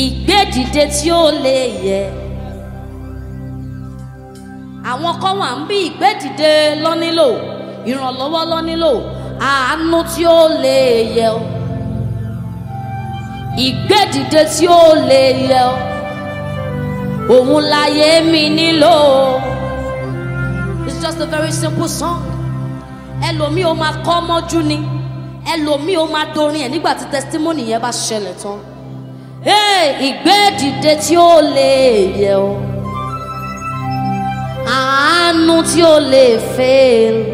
ìgbédìde tí ó lè yẹ àwọn kan wà ń bí ìgbédìde lọ nílò ìrànlọ́wọ́ lọ nílò àánú tí ó lè yẹ ọ ìgbédìde tí ó lè yẹ ọ òun láyé mi nílò it's just a very simple song ẹlòmíì ó máa kọ́ mọ́jú ni ẹlòmíì ó máa dorin ẹ̀ nígbà tí testimony yẹn bá ṣẹlẹ̀ tán ìgbé dìde tí ó lè yẹ o àánú tí ó lè fẹ́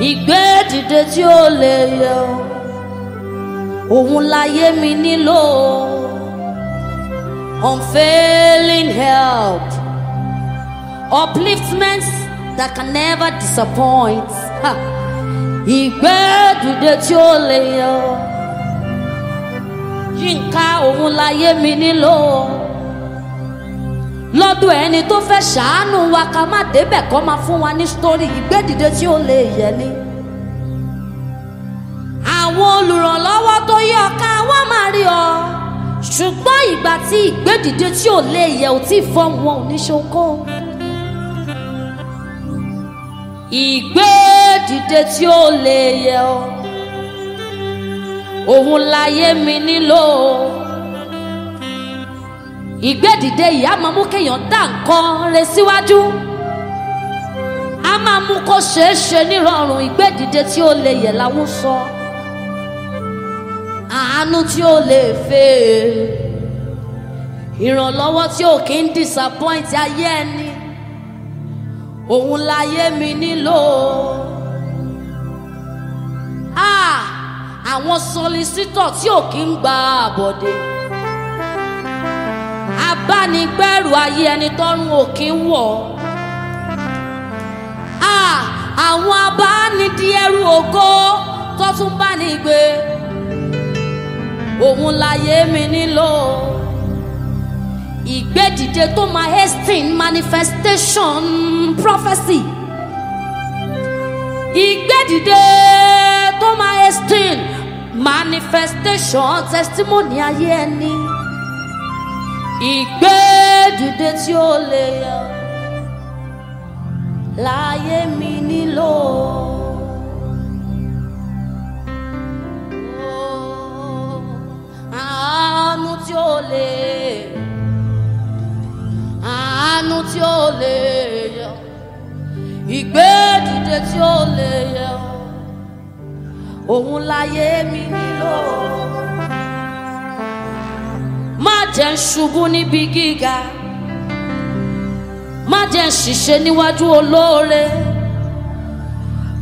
ìgbé dìde tí ó lè yẹ o òun láyé mi nílò unfailing help upliftment that can never disappoint ìgbé dìde tí ó lè yẹ o yínká òun láyé mi nílò lọ́dọ̀ ẹni tó fẹ́ ṣàánú wa ká má débẹ̀ kọ́ máa fún wa ní sítórì ìgbédìde tí ó lè yẹ ni. àwọn olùrànlọ́wọ́ tó yẹ ọ ká wá máa rí ọ ṣùgbọ́n ìgbà tí ìgbédìde tí ò lè yẹ ò tí fọ́ wọn ò ní ṣoko. ìgbédìde tí ò lè yẹ ọ òun láyé mi nílò ìgbédìde ìyá máa mú kéèyàn dá nǹkan re síwájú a máa mú kó ṣeé ṣe nírọ̀rùn ìgbédìde tí ó lè yẹ̀ láwọn sọ àánú tí ó lè fẹ́ ìrànlọ́wọ́ tí ò kí ń disappoint ayé ẹni òun láyé mi nílò. àwọn solisitọ̀ tí ò kí ń gba àbọ̀dé abánigbẹ́rù ayé ẹni tọ́run ò kí ń wọ̀ àwọn abánidíẹrù ògo tó tún bá ní gbé òun láyé mi nílò ìgbédìde tó máa hasten manifestation prophecy ìgbédìde tó máa hasten manifestation testimony ayé ẹni ìgbé dìde tí ó lè yẹ láyé mi nílò. àánú oh, tí ó lè àánú tí ó lè yẹ ìgbé dìde tí ó lè yẹ òun láyé mi nílò. má jẹ́ ń ṣubú níbi gíga má jẹ́ ń ṣìṣe níwájú olóore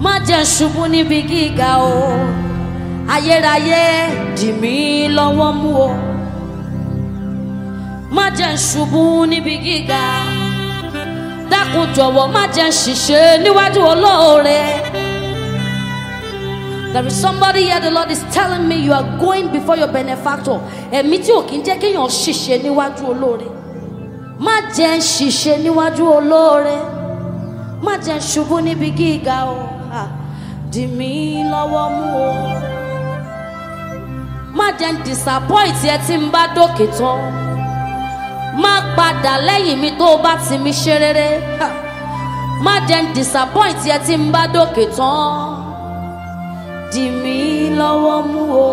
má jẹ́ ṣubú níbi gíga o ayérayé dì mí lọ́wọ́ mú o má jẹ́ ń ṣubú níbi gíga dákun jọ̀wọ́ má jẹ́ ṣìṣe níwájú olóore. There is somebody here, the Lord is telling me you are going before your benefactor. Ẹ̀mí tí ò kí ń jẹ́ kéèyàn ṣìṣe níwájú olóore. Má jẹ́ ń ṣìṣe níwájú olóore. Má jẹ́ ń ṣubú níbi gíga o. Dì mí lọ́wọ́ mú o. Má jẹ́ ń disappoint ẹ tí ń bá dókè tán. Má padà lẹ́yìn mi tó bá ti mi ṣe Má jẹ́ ń disappoint ẹ tí ń bá dókè tán. Di mí lọ́wọ́ mú o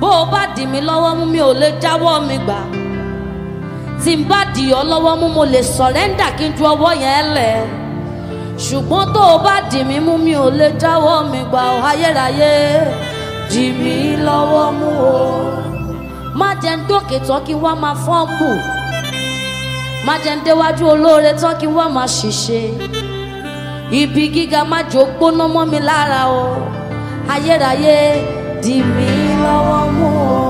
bó o bá dì mí lọ́wọ́ mú mi ò lè jáwọ́ mi gbà tí n bá dì ọ́ lọ́wọ́ mú mo lè sọ̀rẹ́ńdà kí n ju ọwọ́ yẹn lẹ̀ ṣùgbọ́n tó o bá dì mí mú mi ò lè jáwọ́ mi gbà ó ayérayé dì mí lọ́wọ́ mú o má jẹ́ ń dókè tán kí wọ́n máa fọ́ǹbù má jẹ́ ń déwájú olóore tán kí wọ́n máa ṣìṣe ibi gíga má jò gbóná mọ́ mi lára o ayérayé di mí lọ́wọ́ mú o.